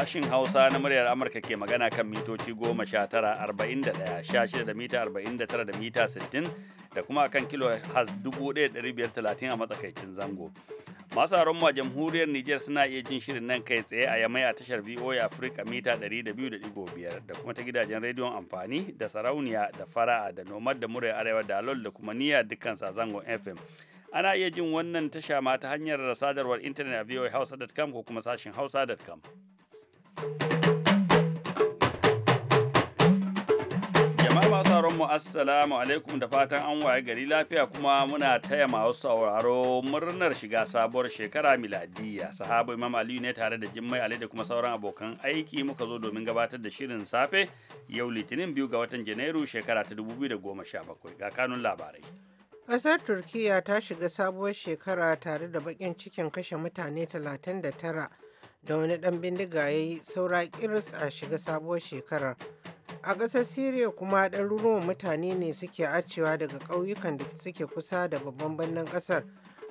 sashin Hausa na muryar Amurka ke magana kan mitoci goma sha tara arba'in da mita arba'in da mita sittin da kuma kan kilo has dubu a matsakaicin zango. Masu a jamhuriyar Nijar suna iya jin shirin nan kai tsaye a yamai a tashar VOA Africa mita ɗari da kuma ta gidajen rediyon amfani da sarauniya da fara'a da nomad da muryar arewa da alol da kuma niyya dukkan sa zangon FM. ana iya jin wannan tasha ma ta hanyar sadarwar intanet a voahausa.com ko kuma sashin hausa.com. Jama'a mu assalamu alaikum da fatan an waye gari lafiya kuma muna taya masu sauraro murnar shiga sabuwar shekara miladiya Sahabu Imam Aliyu ne tare da Jimmai Ali da kuma sauran abokan aiki muka zo domin gabatar da shirin safe yau Litinin biyu ga watan Janairu shekara ta da goma 2017 ga kanun labarai. Ƙasar Turkiyya ta shiga sabuwar shekara tare da bakin cikin kashe mutane talatin da tara. da wani ɗan bindiga ya yi saura kiris a shiga sabuwar shekarar a ƙasar syria kuma ɗaruruwan mutane ne suke acewa daga ƙauyukan da suke kusa da babban birnin ƙasar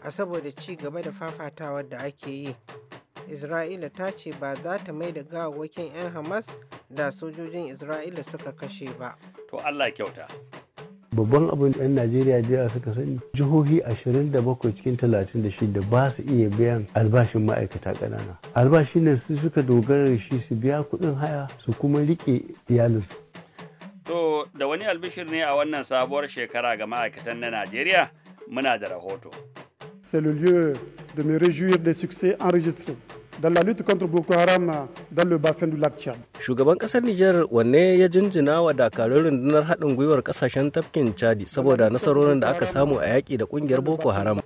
a saboda ci gaba da fafatawar da ake yi isra'ila ta ce ba za ta mai da gawawakin 'yan hamas da sojojin isra'ila suka kashe ba to allah kyauta babban abin da 'yan najeriya jiya suka sani jihohi 27 cikin 36 ba su iya biyan albashin ma'aikata ƙanana albashin nan su suka dogara shi su biya kuɗin haya su kuma riƙe iyalinsu to da wani albishir ne a wannan sabuwar shekara ga ma'aikatan na najeriya muna da rahoto C'est le lieu de me réjouir des succès enregistrés. dans la lutte contre Boko Haram dans le bassin du lac Tchad. Shugaban kasar niger wanne ya jinjina wa dakarun rundunar haɗin gwiwar kasashen tafkin Chadi saboda nasarorin da aka samu a yaƙi da ƙungiyar Boko Haram.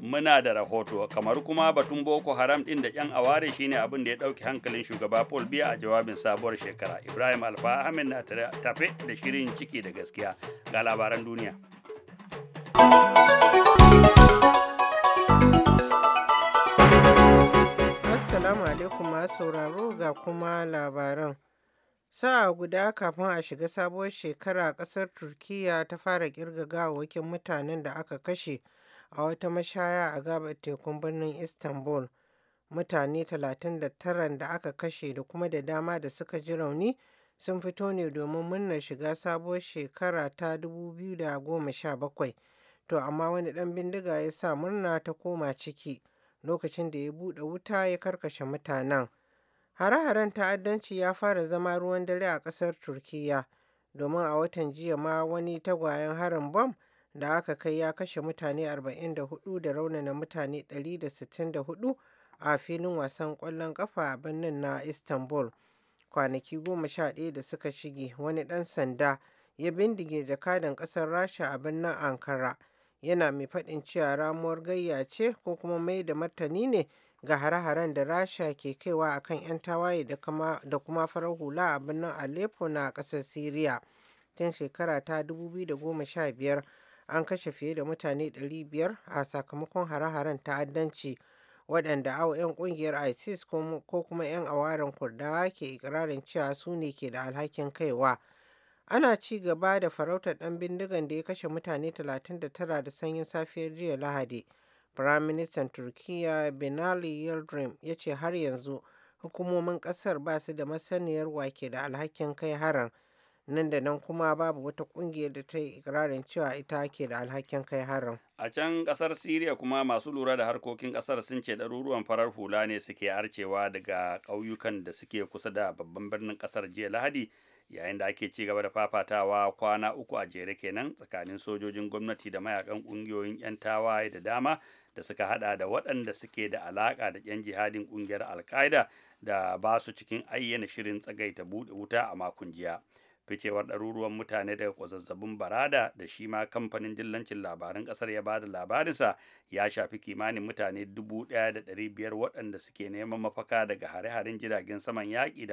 Muna da rahoto kamar kuma batun Boko Haram ɗin da ‘yan aware shine abin da ya ɗauki hankalin shugaba Paul Biya a jawabin sabuwar shekara. Ibrahim Alfa Ahmed na tafe da shirin ciki da gaskiya ga labaran duniya. Assalamu alaikum masu sauraro ga kuma labaran. Sa'a guda kafin a shiga sabuwar shekara kasar Turkiyya ta fara kirga gawakin mutanen da aka kashe a wata mashaya a gabar tekun birnin Istanbul. Mutane 39 da aka kashe da kuma da dama da suka ji rauni sun fito ne domin murnar shiga sabuwar shekara ta 2017. To amma wani ɗan bindiga ya sa murna ta koma ciki. lokacin da ya buɗe wuta ya karkashe mutanen. Hare-haren ta'addanci ya fara zama ruwan dare a ƙasar Turkiyya domin a watan jiya ma wani tagwayen harin bom da aka kai ya kashe mutane 44 da raunana mutane 164 a filin wasan ƙwallon ƙafa a birnin na Istanbul. Kwanaki goma sha ɗaya da suka shige wani ɗan sanda ya bindige jakadan ƙasar Rasha a birnin Ankara. yana mai faɗin cewa ramuwar gayya ce ko kuma mai da martani ne ga hare-haren da rasha ke kaiwa a kan 'yan tawaye da kuma farar hula a birnin aleppo na ƙasar syria tun shekara ta 2015 an kashe fiye da mutane 500 a sakamakon hare-haren ta'addanci waɗanda awa 'yan ƙungiyar isis ko kuma 'yan awarin kurdawa ke ikirarin cewa su ne ke da alhakin kaiwa Ana ci gaba da farautar dan bindigan da ya kashe mutane 39 da sanyin safiyar jiya Lahadi. Firaministan turkiya Binali Yildirim ya ce har yanzu hukumomin kasar ba su da masaniyar wake da alhakin kai harin. nan da nan kuma babu wata kungiyar da ta yi ikirarin cewa ita ke da alhakin kai harin. A can kasar Siriya kuma masu lura da harkokin kasar sun ce ɗaruruwan farar hula ne suke arcewa daga ƙauyukan da suke kusa da babban birnin kasar jiya Lahadi yayin da ake ci gaba da fafatawa kwana uku a jere kenan tsakanin sojojin gwamnati da mayakan ƙungiyoyin 'yan tawaye da dama da suka hada da waɗanda suke da alaƙa da 'yan jihadin ƙungiyar al da ba su cikin ayyana shirin tsagaita buɗe wuta a makon jiya. ficewar ɗaruruwan mutane daga kwazazzabin barada da shi ma kamfanin dillancin labaran ƙasar ya bada labarinsa ya shafi kimanin mutane dubu ɗaya da ɗari biyar waɗanda suke neman mafaka daga hare-haren jiragen saman yaƙi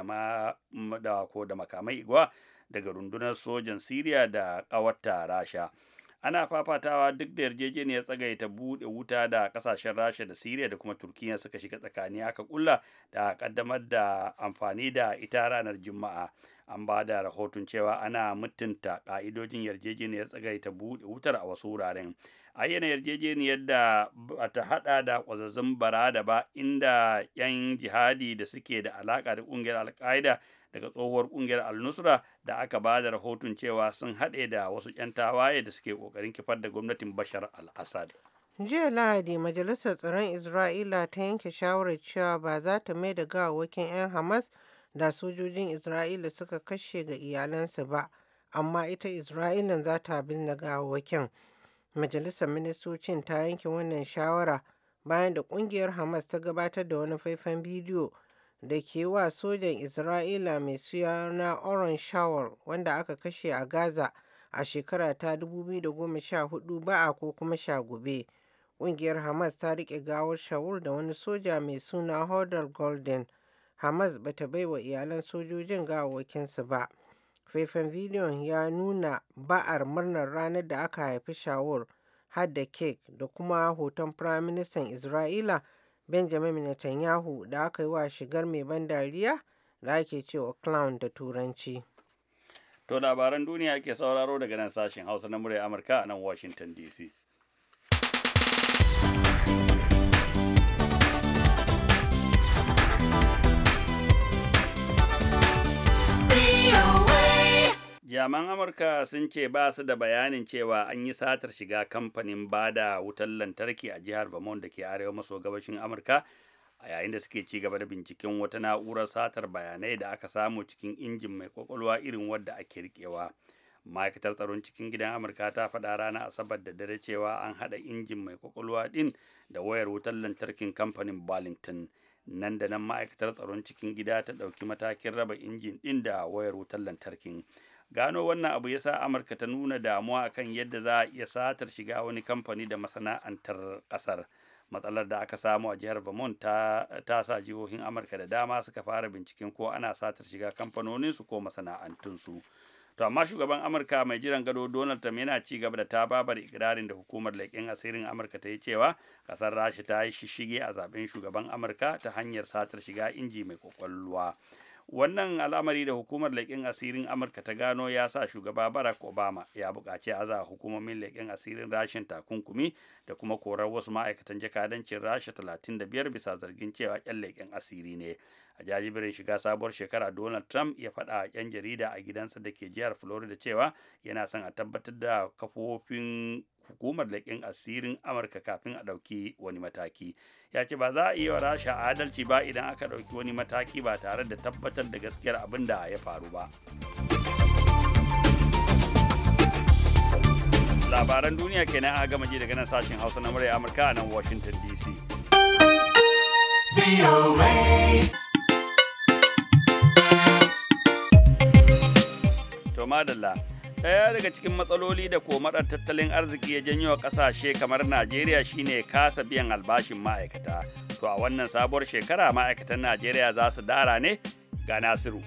da ko da makamai igwa daga rundunar sojan siriya da ƙawarta rasha ana fafatawa duk da yarjejeniyar tsagaita buɗe wuta da ƙasashen rasha da siriya da kuma turkiyya suka shiga tsakani aka kulla da ƙaddamar da amfani da ita ranar juma'a an ba da rahoton cewa ana mutunta ƙa'idojin yarjejeniyar tsagaita buɗe wutar a wasu wuraren ayyana yarjejeniyar da ba ta haɗa da kwazazzun bara da ba inda 'yan jihadi da suke da alaƙa da ƙungiyar alka'ida daga tsohuwar kungiyar al-nusra da aka ba da rahoton cewa sun haɗe da wasu 'yan tawaye da suke ƙoƙarin kifar da gwamnatin bashar al-assad jiya lahadi majalisar tsaron isra'ila ta yanke shawarar cewa ba za ta mai da gawawakin 'yan hamas da sojojin isra'ila suka kashe ga iyalansu ba amma ita isra'ilan za ta binne gawawakin majalisar ministocin ta yanke wannan shawara bayan da kungiyar hamas ta gabatar da wani faifan bidiyo da ke wa sojan Isra'ila mai suya na Oron Shawar wanda aka kashe a Gaza a shekara ta 2014 ba'a ko kuma shagube. Ƙungiyar Hamas ta riƙe gawar shawar da wani soja mai suna Hodar Golden. Hamas bata baiwa iyalan sojojin gawawakinsu ba. Faifan bidiyon ya nuna ba'ar murnar ranar da aka haifi shawar hadda da kek da kuma hoton Firaministan Isra'ila benjamin netanyahu da aka yi wa shigar mai ban dariya da ake cewa clown da turanci to labaran duniya ke sauraro daga nan sashen hausa na murya amurka a nan washington dc Jaman Amurka sun ce ba su da bayanin cewa an yi satar shiga kamfanin bada wutar lantarki a jihar Vermont da ke arewa maso gabashin Amurka a yayin da suke ci gaba da binciken wata na'urar satar bayanai da aka samu cikin injin mai kwakwalwa irin wadda ake rikewa. ma'aikatar tsaron cikin gidan amurka ta faɗa rana asabar da dare cewa an haɗa injin mai kwakwalwa ɗin da wayar wutar lantarkin kamfanin burlington nan da nan ma'aikatar tsaron cikin gida ta ɗauki matakin raba injin ɗin da wayar wutar lantarkin gano wannan abu yasa amurka ta nuna damuwa kan yadda za a iya satar shiga wani kamfani da masana'antar kasar matsalar da aka samu a jihar vermont ta, sa jihohin amurka da dama suka fara binciken ko ana satar shiga kamfanoninsu ko masana'antunsu to amma shugaban amurka mai jiran gado donald trump yana ci gaba da tababar ikirarin da hukumar leƙen asirin amurka ta yi cewa kasar rasha ta yi shishige a zaben shugaban amurka ta hanyar satar shiga inji mai kwakwalwa wannan al'amari da hukumar leƙen asirin amurka ta gano ya sa shugaba barack obama ya buƙaci a za hukumomin leƙen asirin rashin takunkumi da kuma korar wasu ma'aikatan jakadancin rasha 35 bisa zargin cewa 'yan leƙen asiri ne a jajibirin shiga sabuwar shekara donald trump ya faɗa a 'yan jarida a gidansa da ke jihar florida cewa yana son a tabbatar da kafofin hukumar leƙen asirin amurka kafin a ɗauki wani mataki ya ce ba za a iya wa rasha adalci ba idan aka ɗauki wani mataki ba tare da tabbatar da gaskiyar abin da ya faru ba labaran duniya kenan a gama ji daga nan sashen hausa na murya amurka a nan washington dc to madalla ɗaya daga cikin matsaloli da komarar tattalin arziki ya janyo wa ƙasashe kamar najeriya shine kasa biyan albashin ma'aikata to a wannan sabuwar shekara ma'aikatan najeriya za su dara ne ga nasiru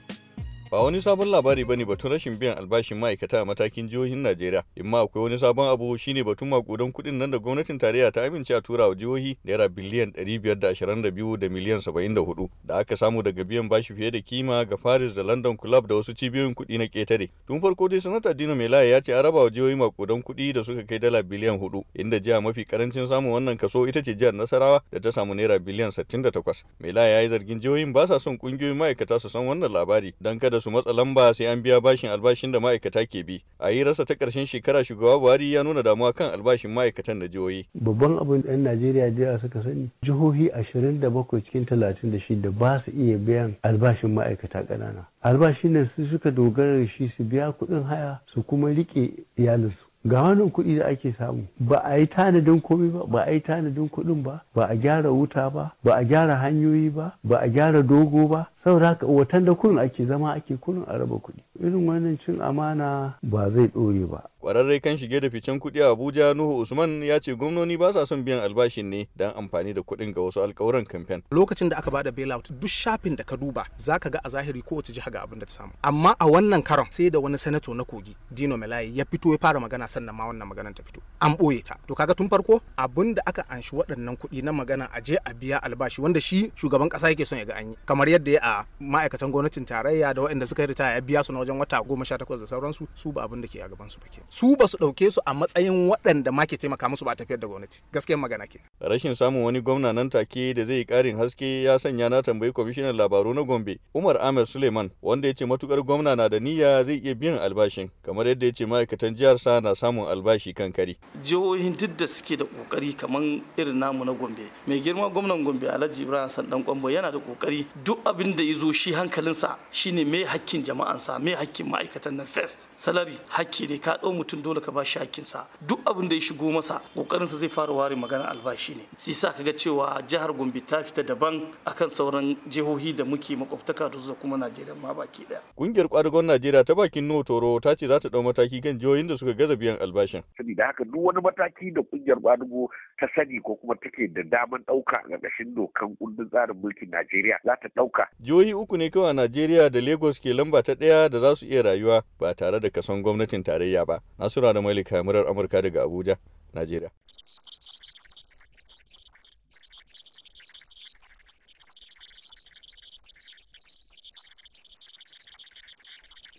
ba wani sabon labari ba ne batun rashin biyan albashin ma'aikata a matakin jihohin Najeriya in ma akwai wani sabon abu shine batun makudan kuɗin nan da gwamnatin tarayya ta amince a tura wa jihohi naira biliyan 522 da miliyan 74 da aka samu daga biyan bashi fiye da kima ga Paris da London Club da wasu cibiyoyin kuɗi na ketare tun farko dai sanata Dino Melaye ya ce an raba wa jihohi makudan kuɗi da suka kai dala biliyan 4 inda jiha mafi karancin samun wannan kaso ita ce jihar Nasarawa da ta samu naira biliyan 68 Melaye ya yi zargin jihohin ba sa son ƙungiyoyin ma'aikata su san wannan labari don kada su matsa lamba sai an biya bashin albashin da ma'aikata ke bi a yi rasa ta karshen shekara shugaba buhari ya nuna damuwa kan albashin ma'aikatan da jihohi babban abin da 'yan najeriya jiya suka sani jihohi 27 cikin talatin 36 ba su iya biyan albashin ma'aikata ƙanana albashin nan su suka dogara da shi su biya kuɗin haya su kuma riƙe iyalinsu ga wani kuɗi da ake samu ba a yi tanadin komai ba ba a yi tanadin kuɗin ba ba a gyara wuta ba ba a gyara hanyoyi ba ba a gyara dogo ba saboda haka watan da kurin ake zama ake kurin a raba kuɗi irin wannan cin amana ba zai ɗore ba kwararre kan shige da ficen kuɗi a abuja nuhu usman ya ce gwamnoni ba sa son biyan albashin ne don amfani da kuɗin ga wasu alkawuran kamfen lokacin da aka ba bada bailout duk shafin da ka duba za ga a zahiri kowace jiha ga abin da ta samu amma a wannan karon sai da wani sanato na kogi dino melaye ya fito ya fara magana sannan ma wannan maganar ta fito an ɓoye ta to kaga tun farko abin da aka anshi waɗannan kuɗi na magana a je a biya albashi wanda shi shugaban ƙasa yake son ya ga an yi kamar yadda ya a ma'aikatan gwamnatin tarayya da waɗanda suka yi ritaya ya biya su na wajen wata goma sha takwas da sauransu su ba abin da ke a gaban su ba ke su ba su ɗauke su a matsayin waɗanda ma ke taimaka musu ba a tafiyar da gwamnati gaskiya magana ke rashin samun wani gwamna nan take da zai yi ƙarin haske ya sanya na tambayi kwamishinan labaru na gombe umar ahmed suleiman wanda ya ce matukar gwamna na da niyya zai iya biyan albashin kamar yadda ya ce ma'aikatan jihar sa na samun albashi kan kari jihohin duk da suke da kokari kamar irin namu na gombe mai girma gwamnan gombe alhaji ibrahim dan kwambo yana da kokari duk abin da ya zo shi hankalinsa shine mai hakkin jama'ansa mai hakkin ma'aikatan nan first salari hakki ne ka ɗau mutum dole ka ba shi hakkinsa duk abin da ya shigo masa kokarinsa zai fara ware magana albashi ne sai sa ka ga cewa jihar gombe ta fita daban akan sauran jihohi da muke makwabtaka da su kuma najeriya ma baki daya kungiyar kwadugon najeriya ta bakin notoro ta ce za ta ɗau mataki kan jihohin da suka gaza biyan biyan albashin. Saboda haka duk wani mataki da kungiyar Badugo ta sani ko kuma take da daman ɗauka a ƙarƙashin dokan kundin tsarin mulkin Najeriya za ta ɗauka. Jihohi uku ne kawai Najeriya da Lagos ke lamba ta ɗaya da za su iya rayuwa ba tare da kason gwamnatin tarayya ba. Nasura da Malika Murar Amurka daga Abuja, Najeriya.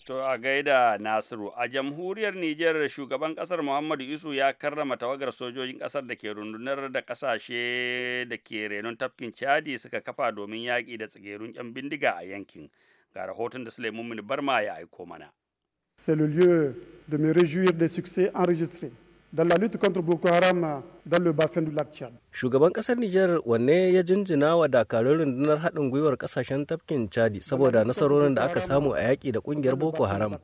To a gaida Nasiru, a jamhuriyar Nijar shugaban kasar Muhammadu Isu ya karrama tawagar sojojin kasar da ke rundunar da kasashe da ke renon tafkin Chadi suka kafa domin yaƙi da tsagerun 'yan bindiga a yankin. Ga rahoton da Suleiman Barma ya aiko mana. C'est le lieu de me réjouir des succès enregistrés. dans lutte contre Boko Haram dans le bassin du lac Tchad. Shugaban kasar Nijar wanne ya jinjina wa dakarun rundunar haɗin gwiwar kasashen tafkin Chadi saboda nasarorin da aka samu a yaƙi da ƙungiyar Boko Haram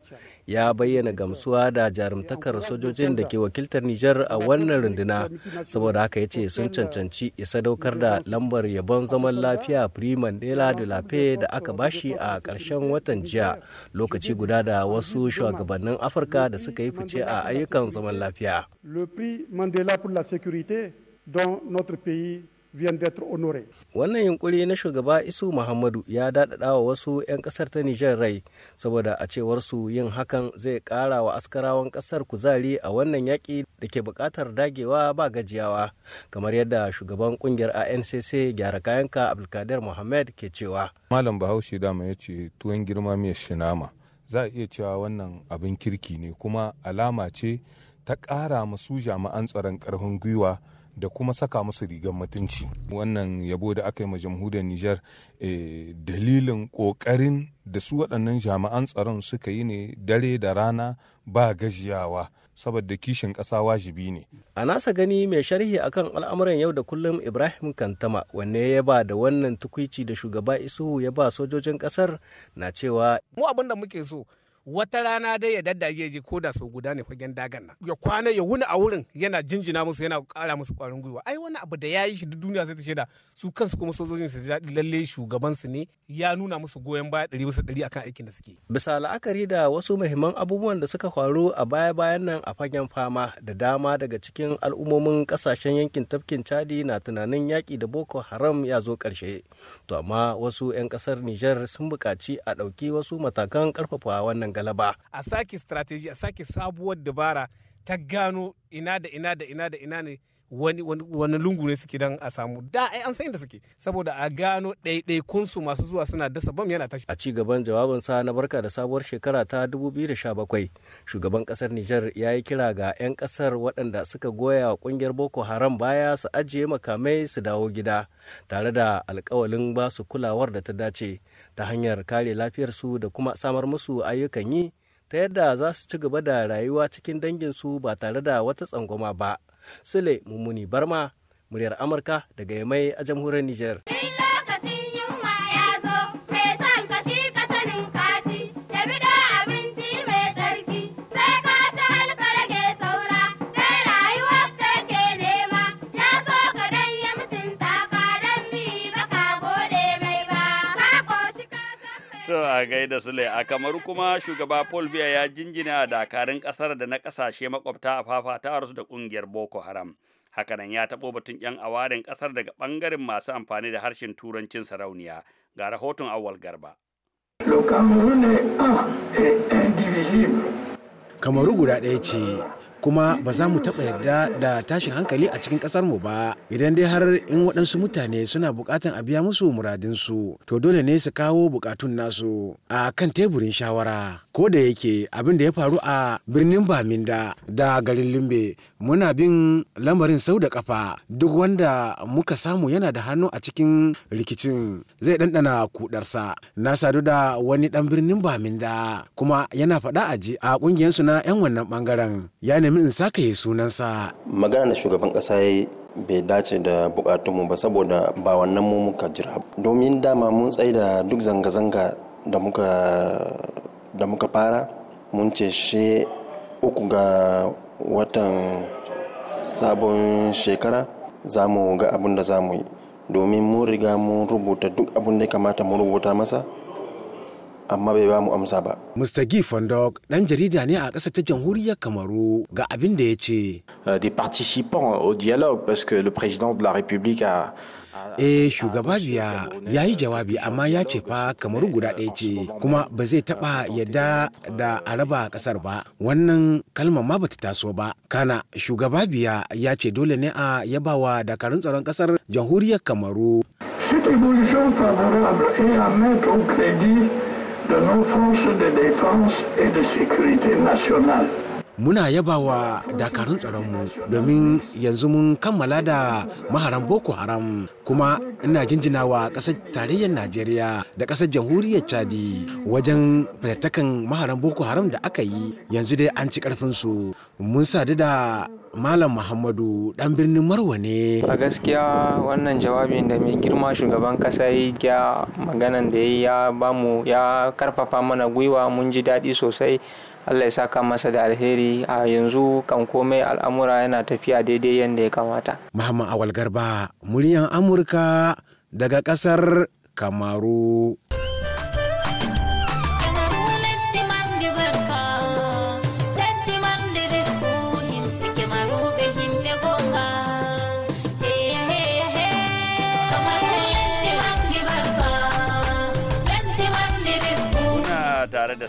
ya bayyana gamsuwa da jarumtakar sojojin da ke wakiltar Nijar a wannan runduna saboda haka ya ce sun cancanci isa daukar da lambar yabon zaman lafiya Prix Mandela de la da aka bashi a ƙarshen watan jiya lokaci guda da wasu shugabannin Afirka da suka yi fice a ayyukan zaman lafiya. Le Prix Mandela pour la vient d'être honoré. Wannan yunkuri na shugaba Isu Muhammadu ya daɗaɗa wa wasu 'yan ƙasar ta Nijar rai saboda a cewar su yin hakan zai ƙara wa askarawan ƙasar kuzari a wannan yaƙi da ke buƙatar dagewa ba gajiyawa kamar yadda shugaban ƙungiyar ANCC gyara kayanka Abdulkadir Muhammad ke cewa. Malam Bahaushe dama ya ce tuwon girma mai shinama. Za a iya cewa wannan abin kirki ne kuma alama ce ta ƙara masu jami'an tsaron ƙarfin gwiwa da kuma saka musu rigar mutunci wannan yabo da aka yi ma jamhuriyar nijar eh, dalilin ƙoƙarin da su waɗannan jami'an tsaron suka yi ne dare da rana ba gajiyawa saboda kishin ƙasa wajibi ne a nasa gani mai sharhi akan al'amuran yau da kullum ibrahim kantama wanne ya ba da wannan tukwici da shugaba isuhu ya ba sojojin ƙasar na cewa mu abin muke so wata rana dai ya ya ji ko da sau guda ne fagen dagan nan ya kwana ya wuni a wurin yana jinjina musu yana kara musu kwarin gwiwa ai wani abu da ya yi shi duniya sai ta shaida su kansu kuma sojojin su daɗi lalle shugaban su ne ya nuna musu goyon baya ɗari bisa ɗari akan aikin da suke bisa la'akari da wasu muhimman abubuwan da suka faru a baya bayan nan a fagen fama da dama daga cikin al'ummomin kasashen yankin tafkin chadi na tunanin yaƙi da boko haram ya zo karshe to amma wasu 'yan kasar niger sun buƙaci a ɗauki wasu matakan ƙarfafa wannan galaba a sake strategy a sake sabuwar dabara ta gano ina da ina da ina da ina ne wani, wani, lungu ne suke dan a samu da ai an san inda suke saboda a gano ɗaiɗaikun su masu zuwa suna dasa bam yana tashi a ci gaban jawabin sa na barka da sabuwar shekara ta 2017 shugaban kasar Nijar ya yi kira ga 'yan kasar waɗanda suka goya wa ƙungiyar Boko Haram baya su ajiye makamai su dawo gida tare da alƙawalin ba su kulawar da ta dace ta hanyar kare lafiyarsu da kuma samar musu ayyukan yi ta yadda za su ci gaba da rayuwa cikin danginsu ba tare da wata tsangwama ba. Sule Mummuni Barma, muryar Amurka daga Yamai a jamhuriyar Nijar. a gaida su a kamar kuma shugaba Paul Biya ya jinjina dakarun kasar da na kasashe makwabta a fafatawarsu da kungiyar Boko Haram. Hakanan ya taɓo batun 'yan awarin kasar daga ɓangaren masu amfani da harshen turancin sarauniya ga rahoton awal garba. Ah, eh, eh, Kamaru guda ɗaya ce kuma ba za mu taɓa yadda da tashin hankali a cikin ƙasar mu ba idan dai har in waɗansu mutane suna buƙatan a biya musu muradinsu to dole ne su kawo buƙatun nasu a kan teburin shawara ko da yake abin da ya faru a birnin baminda da garin limbe muna bin lamarin sau da kafa duk wanda muka samu yana da hannu a cikin rikicin zai ɗanɗana kudarsa na sadu da wani ɗan birnin baminda kuma yana faɗa a ji a ƙungiyarsu na 'yan wannan ɓangaren ya nemi in sakaye sunansa magana da shugaban ƙasa ya bai dace da bukatunmu ba saboda ba wannan mu muka jira domin dama mun tsaye da duk zanga-zanga da muka da muka fara mun ceshe uku ga watan sabon shekara za mu ga abin da za mu yi domin mun riga mun rubuta duk abin da ya kamata mu rubuta masa amma bai ba mu amsa ba. Mr. Guy Fondok ɗan jarida ne a ƙasar ta jamhuriyar Kamaru ga abin da ya ce. Euh, des participants au dialogue parce que le président de la République a Eh, eh shugaba biya ya yi jawabi amma ya ce fa kamaru guda ɗaya ce kuma ba zai taɓa yadda da a raba ƙasar ba wannan kalmar ma bata taso ba kana shugaba biya ya ce dole ne a yabawa dakarun tsaron ƙasar jamhuriyar kamaru de nos forces de défense muna yabawa dakarun tsaronmu domin yanzu mun kammala da maharan boko haram kuma ina jinjina wa ƙasar tarayyar najeriya da ƙasar jamhuriyar chadi wajen fitattakan maharan boko haram da aka yi yanzu dai an ci ƙarfinsu mun sadu da Malam Muhammadu dan birnin Marwa ne. A gaskiya wannan jawabin da mai girma shugaban kasa yi gya maganan da ya ba ya karfafa mana gwiwa mun ji daɗi sosai allah ya saka masa da alheri a yanzu kan komai al'amura yana tafiya daidai yadda ya kamata muhammad awal garba muryan amurka daga ƙasar kamaru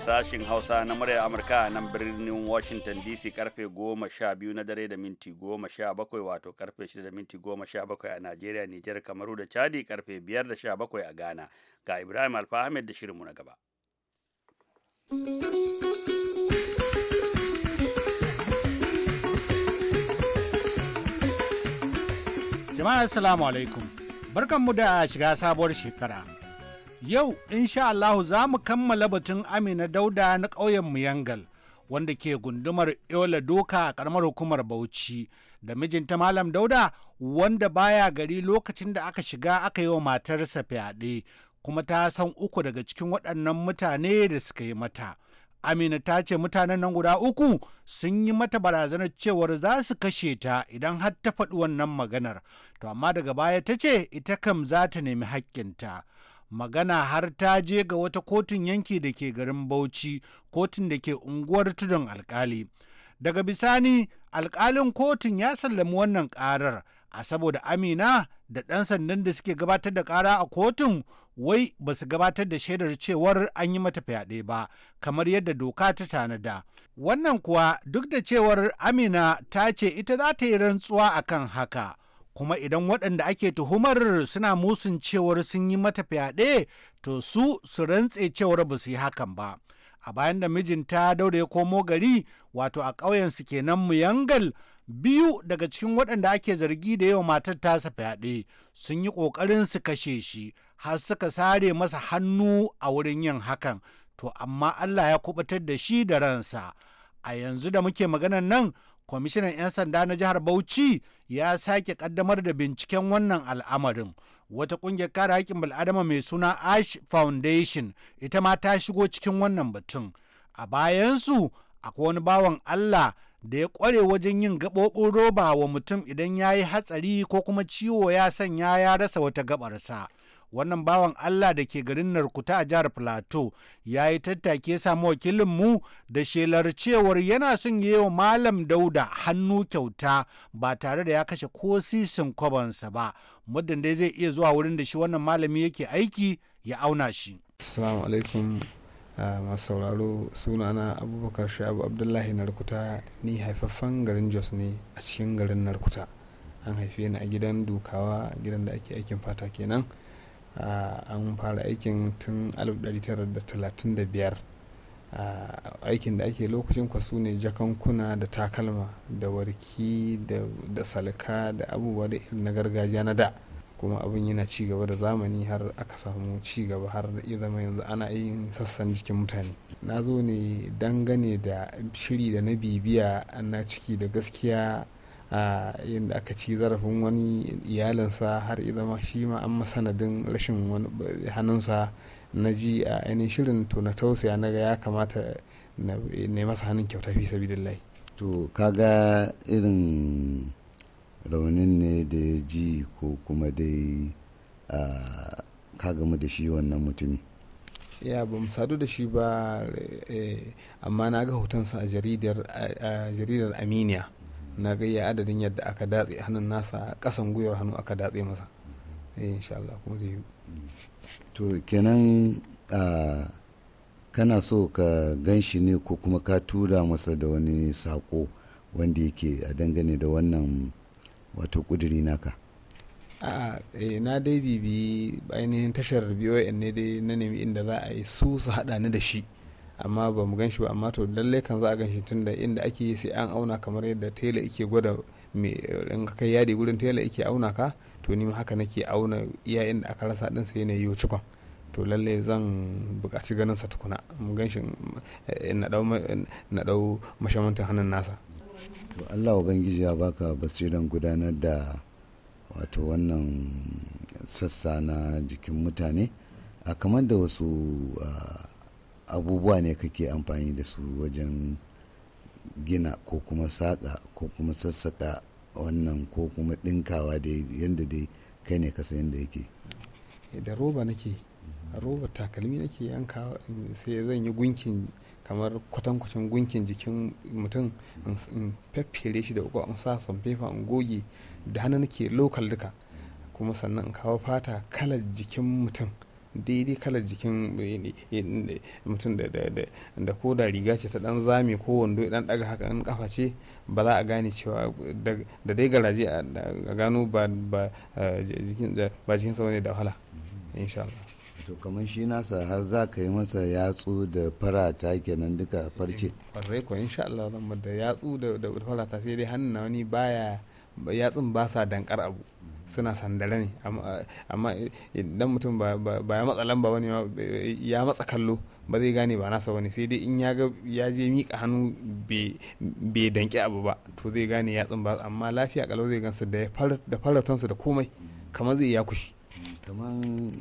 sashin Hausa na murya Amurka a nan birnin Washington DC karfe 12 na dare da minti 17 wato karfe 6 da minti 17 a Najeriya, Nijar, Kamaru da Chadi karfe 5 da 17 a Ghana. Ga Ibrahim Alfa Ahmed da shirinmu na gaba. Jama'a Assalamu alaikum. Barkanmu da shiga sabuwar shekara. Yau, insha Allah za mu kammala batun Amina Dauda na ƙauyen Muyangal, wanda ke gundumar Eola Doka a ƙaramar hukumar Bauchi, da mijinta Malam Dauda wanda baya gari lokacin da aka shiga aka yi wa matarsa fyaɗe, kuma ta san uku daga cikin waɗannan mutane da suka yi mata. Amina ta ce mutanen nan guda uku sun yi mata barazanar cewar za su kashe ta idan har ta faɗi wannan maganar, to amma daga baya ta ce ita kam za ta nemi haƙƙinta. ta. magana har ta je ga wata kotun yanki da ke garin bauchi kotun da ke unguwar tudun alkali daga bisani alkalin kotun ya sallami wannan karar a saboda amina da ɗan sandan da suke gabatar da ƙara a kotun wai ba su gabatar da shaidar cewar an yi mata fyaɗe ba kamar yadda doka ta tanada wannan kuwa duk da cewar amina ta ce ita za ta yi rantsuwa akan haka kuma idan waɗanda ake tuhumar suna musun cewar sun yi mata fyaɗe to su su rantse cewar ba su yi hakan ba a bayan da mijinta daure ya komo gari wato a ƙauyensu kenan muyangal biyu daga cikin waɗanda ake zargi da yawa matar tasa fyaɗe sun yi ƙoƙarin su kashe shi har suka sare masa hannu a wurin yin hakan to amma Allah ya kubutar da shi da ransa a yanzu da muke maganan nan kwamishinan 'yan sanda na jihar bauchi ya sake kaddamar da binciken wannan al'amarin wata kungiyar kare haƙƙin bil'adama mai suna ash foundation ita ma ta shigo cikin wannan batun a bayansu akwai wani bawan allah da ya kware wajen yin gaɓoɓin roba wa mutum idan ya yi hatsari ko kuma ciwo ya sanya ya rasa wata gabarsa. wannan bawan Allah da ke garin Narkuta a jihar Plateau ya yi tattake samu wakilinmu da shelar cewar yana son yi wa Malam Dauda hannu kyauta ba tare da ya kashe ko sisin kwabansa ba, muddin dai zai iya zuwa wurin da shi wannan malami yake aiki ya auna shi. Assalamu alaikum ah, masu sauraro sunana Abubakar Shabu Abdullahi Narkuta ni haifaffen garin Jos ne a cikin garin Narkuta. An haife ni a gidan dukawa gidan da ake aikin fata kenan. an fara aikin tun 1935 aikin da ake lokacin ku su ne jakankuna da takalma da warki da salka da abubuwa da irin na gargajiya na da kuma abin yana ci gaba da zamani har aka samu ci gaba har ya zama yanzu ana yin sassan jikin mutane na zo ne dangane da shiri da na bibiya na ciki da gaskiya inda aka ci zarafin wani iyalinsa har zama shi ma an masanadin rashin wani hannunsa na ji a ainihin shirin to na tausaya na ga ya kamata na masa hannun kyauta fi sabidillahi to kaga irin raunin ne da ya ji ko kuma dai ka mu da shi wannan mutumi ya ba mu sadu da shi ba eh, amma na ga hotonsa a jaridar aminiya na ga iya adadin yadda aka datse hannun nasa a kasan gwiwar hannu aka datse masa eh, insha Allah kuma zai yi to kenan kana so ka gan shi ne ko kuma ka tura masa da wani sako wanda yake a dangane da wannan wato kuduri naka a eh, na dai bibi ainihin tashar biyo ne dai na nemi inda za a yi su su haɗa ni da shi amma ba mu gan shi ba amma to lalle kan za a gan shi tun da inda ake yi sai an auna kamar yadda tela ike gwada in ka kai yadi wurin tela ike auna ka to ni haka nake auna iya inda aka rasa din sai na yi cikon to lalle zan buƙaci ganin sa tukuna mu gan shi eh, na dau mashamantan hannun nasa to Allah ubangiji ya baka basiran gudanar da wato wannan sassa na jikin mutane a kamar da wasu uh, abubuwa ne kake amfani da su wajen gina ko kuma saƙa ko kuma sassaƙa wannan ko kuma ɗinkawa da yadda dai kai ne kasa yadda yake eh, da roba nake roba takalmi nake yanka sai zan yi gunkin kamar kwatankwacin gunkin jikin mutum in feffere shi da uku in sa son in goge da hannu nake lokal duka kuma sannan in kawo fata kalar jikin mutum daidai kalar jikin eh, eh, mutum da ko da riga ce ta dan zame ko wando dan daga haka in kafa ce ba za a gane cewa da dai garaje a gano ba eh, jikin sa ne da wahala insha Allah to kamar shi nasa har za ka yi masa yatsu da farata kenan duka farce kwarai ko insha Allah zan da yatsu da farata sai dai hannu na wani baya yatsun ba sa dankar abu suna sandare ne eh, amma eh, idan mutum ba ya matsa lamba wani eh, ya matsa kallo ba zai gane ba nasa wani sai dai in ya ga ya je miƙa hannu bai danke abu ba to zai gane ya ba amma lafiya kalau zai gansu da faratonsu da komai kamar zai ya kushi kamar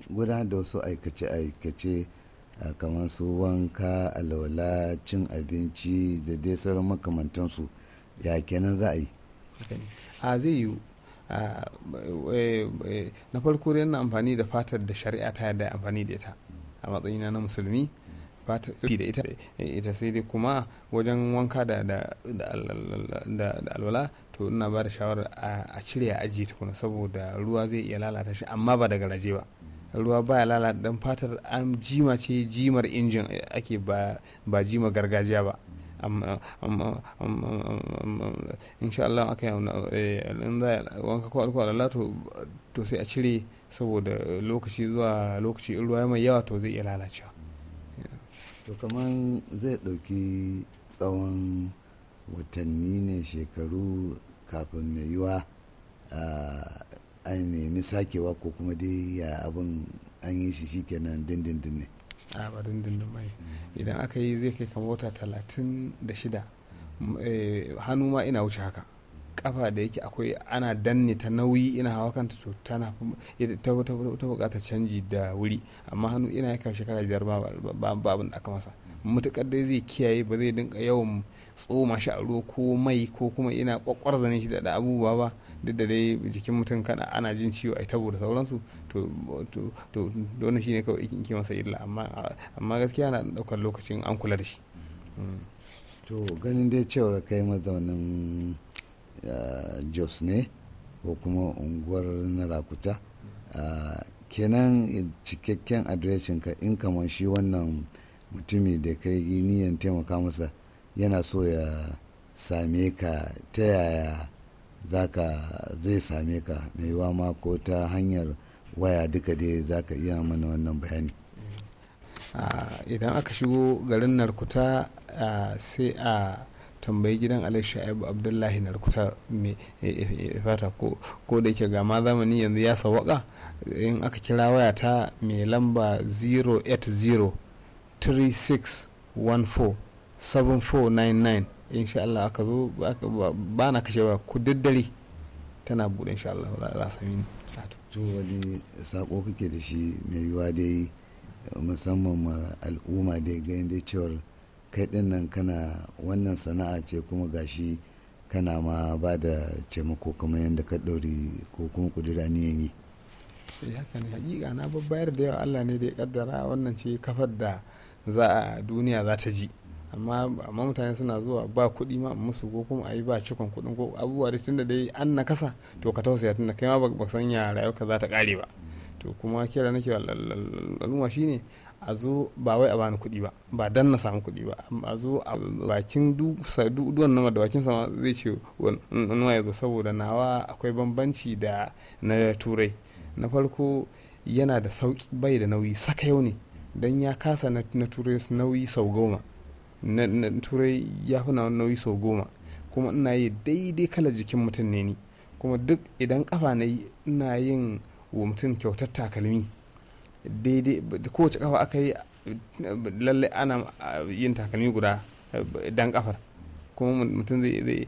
guda da wasu aikace-aikace kamar su wanka alwala cin abinci da dai sauran makamantansu ya kenan za a yi a zai yi Ah, eh, eh, na farko dai na amfani da fatar da shari'a ta yadda amfani da ita a matsayina na musulmi fatar da ita ita sai dai kuma wajen wanka da alwala to ina ba da shawarar a cire a ajiye tukuna saboda ruwa zai iya lalata shi amma ba daga garaje ba ruwa baya lalata dan fatar an jima ce jimar injin ake ba jima gargajiya ba insha Allah aka yi eh, in za wanka ko alkwala to sai a cire saboda lokaci zuwa lokaci in ruwa mai yawa to zai iya lalacewa to kamar zai ɗauki tsawon watanni ne shekaru kafin mai yiwa ah, a nemi sakewa ko kuma dai ya abin an yi shi shikenan dindindin ne a barin idan aka yi zai kai kama wata talatin da shida eh, hannu ma ina wuce haka kafa da yake akwai ana danne ta nauyi ina hawa kanta to tana eh, ta bukata canji da wuri amma hannu ina ya kawo shekara biyar ba da aka masa mutukar dai zai kiyaye ba zai dinka yawan tsoma shi a ruwa ko mai ko kuma ina kwakwar zanen shi da abubuwa ba duk da dai jikin mutum kana ana jin ciwo ai tabo da sauransu to to to shi ne kawai ki masa illa amma amma gaskiya na daukar lokacin an kula da shi mm. to ganin dai cewar kai mazaunin eh, jos ne ko kuma unguwar na rakuta ah, kenan cikakken adireshin ka in kamar shi wannan mutumi da kai niyan taimaka masa yana so ya same ka ta yaya zaka zai same ka mai yiwa ma ko ta hanyar waya duka dai za ka iya mana wannan bayani idan aka shigo garin narkuta sai a tambayi gidan alex sha'ibu abdullahi narkuta mai e, e, e, fata ko da yake gama zamani yanzu ya sawaka in aka kira waya ta mai lamba 080 36 14 7499 insha Allah aka zo ba na kashe ba ku daddare tana buɗe insha Allah za sami to wani sako kake da shi mai yiwa dai musamman ma al'umma da ga inda cewar kai din nan kana wannan sana'a ce kuma gashi kana ma ba da taimako kamar yadda ka ɗauri ko kuma kudura niyan yi eh, haka ne hakika na babbayar da yawa Allah ne da ya kaddara wannan ce kafar da za a duniya za ta ji amma amma mutane suna zuwa ba kuɗi ma musu ko kuma a ba cikon kuɗin ko abubuwa da tunda dai an na kasa to ka tausaya tunda kai ma ba san ya rayuwarka za ta ƙare ba to kuma kira nake al'umma shine a zo ba wai a bani kuɗi ba ba dan na samu kuɗi ba a zo a bakin duwan nama da bakin sama zai ce wani ya zo saboda nawa akwai bambanci da na turai na farko yana da sauki bai da nauyi saka yau ne dan ya kasa na turai nauyi sau goma na turai ya fi na nauyi sau goma kuma ina yi daidai kalar jikin mutum ne ni kuma duk idan kafa na yi ina yin wa mutum kyautar takalmi daidai kowace kafa aka yi lalle ana yin takalmi guda dan kafar kuma mutum zai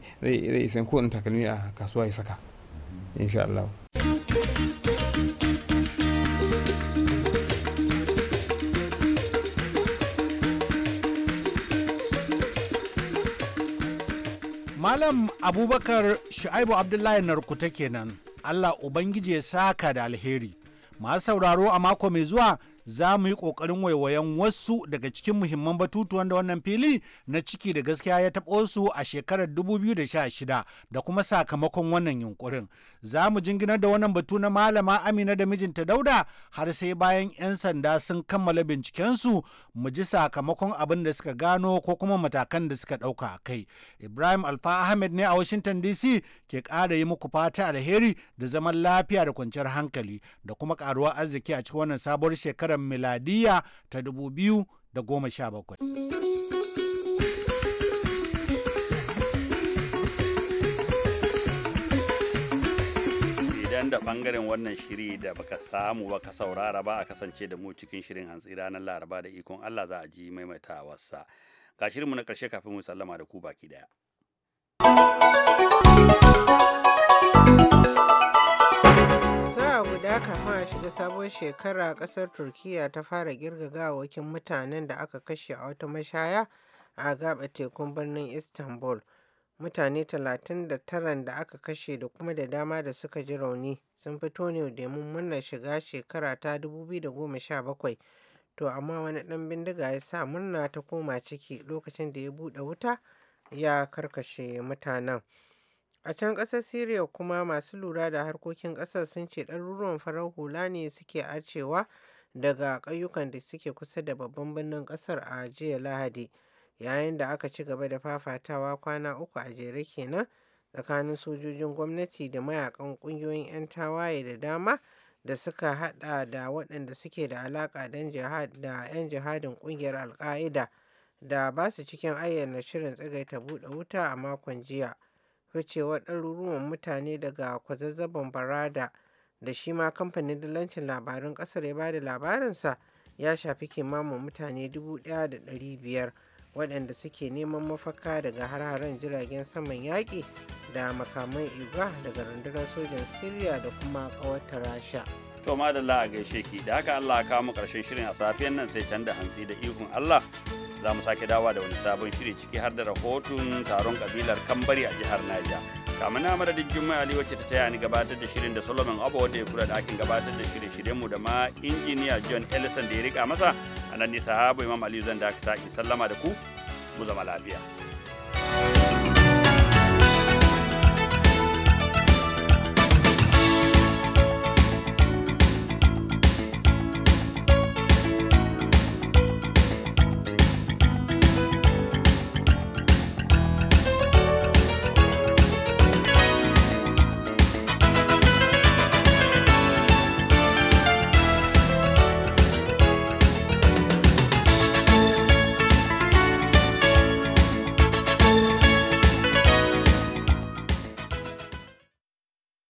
ko kowane takalmi a kasuwa ya saka insha Allah Malam Abubakar Shu'aibu Abdullahi Narkuta kenan. Allah Ubangiji ya saka da alheri. Masu sauraro a mako mai zuwa za mu yi ƙoƙarin waiwayen wasu daga cikin muhimman batutuwan da wannan fili na ciki da gaskiya ya taɓo su a shekarar 2016 da kuma sakamakon wannan yunkurin. Za mu jinginar da wannan batu na malama Amina da mijinta Dauda har sai bayan 'yan sanda sun kammala bincikensu mu ji sakamakon abin da suka gano ko kuma matakan da suka ɗauka a kai. Ibrahim Alfa Ahmed ne a Washington DC ke ƙara yi muku fata alheri da zaman lafiya da kwanciyar hankali da kuma ƙaruwar arziki a cikin wannan sabuwar shekarar shekarar miladiya ta 2017. idan da bangaren wannan shiri da baka samu baka saurara ba a kasance da mu cikin shirin hantsi ranar laraba da ikon Allah za a ji maimaitawarsa ga shirinmu na karshe kafin mu sallama da ku baki daya ya kama a shiga sabuwar shekara kasar turkiya ta fara girga gawakin mutanen da aka kashe a wata mashaya a gaba tekun birnin istanbul mutane talatin da da aka kashe da kuma da dama da suka ji rauni sun fito ne da murnar shiga shekara ta 2017 to amma wani ɗan bindiga ya sa murna ta koma ciki lokacin da ya buɗe wuta ya karkashe mutanen. A can ƙasar Siriya kuma masu lura da harkokin ƙasar sun ce ɗaruruwan farar hula ne suke arcewa daga ƙauyukan da suke kusa da babban birnin ƙasar a jiya Lahadi yayin da aka ci gaba da fafatawa kwana uku a jere kenan tsakanin sojojin gwamnati da mayakan ƙungiyoyin 'yan tawaye da dama da suka haɗa da waɗanda suke da alaƙa da 'yan jihadin ƙungiyar alka'ida da ba su cikin ayyana shirin tsagaita buɗe wuta a makon jiya ficewar ɗaruruwan mutane daga kwazazzaban barada da shi ma kamfanin dalancin labarin ƙasar ya ba da labarinsa ya shafi kimanin mutane 1,500 waɗanda suke neman mafaka daga har jiragen saman yaƙi da makaman iga daga rundunar sojan syria da kuma ƙawata rasha to madalla a gaishe ki da haka allah ka mu ƙarshen shirin a safiyan nan sai can da hantsi da ihun allah za mu sake dawa da wani sabon shiri ciki har da rahoton taron kabilar kambari a jihar Niger. kamar na madadin juma'a ali wacce ta taya ni gabatar da shirin da solomon abu wanda ya kula da akin gabatar da shirye shiryen mu da ma injiniya john ellison da ya rika masa a nan ne habu imam aliyu zan dakata in sallama da ku mu zama lafiya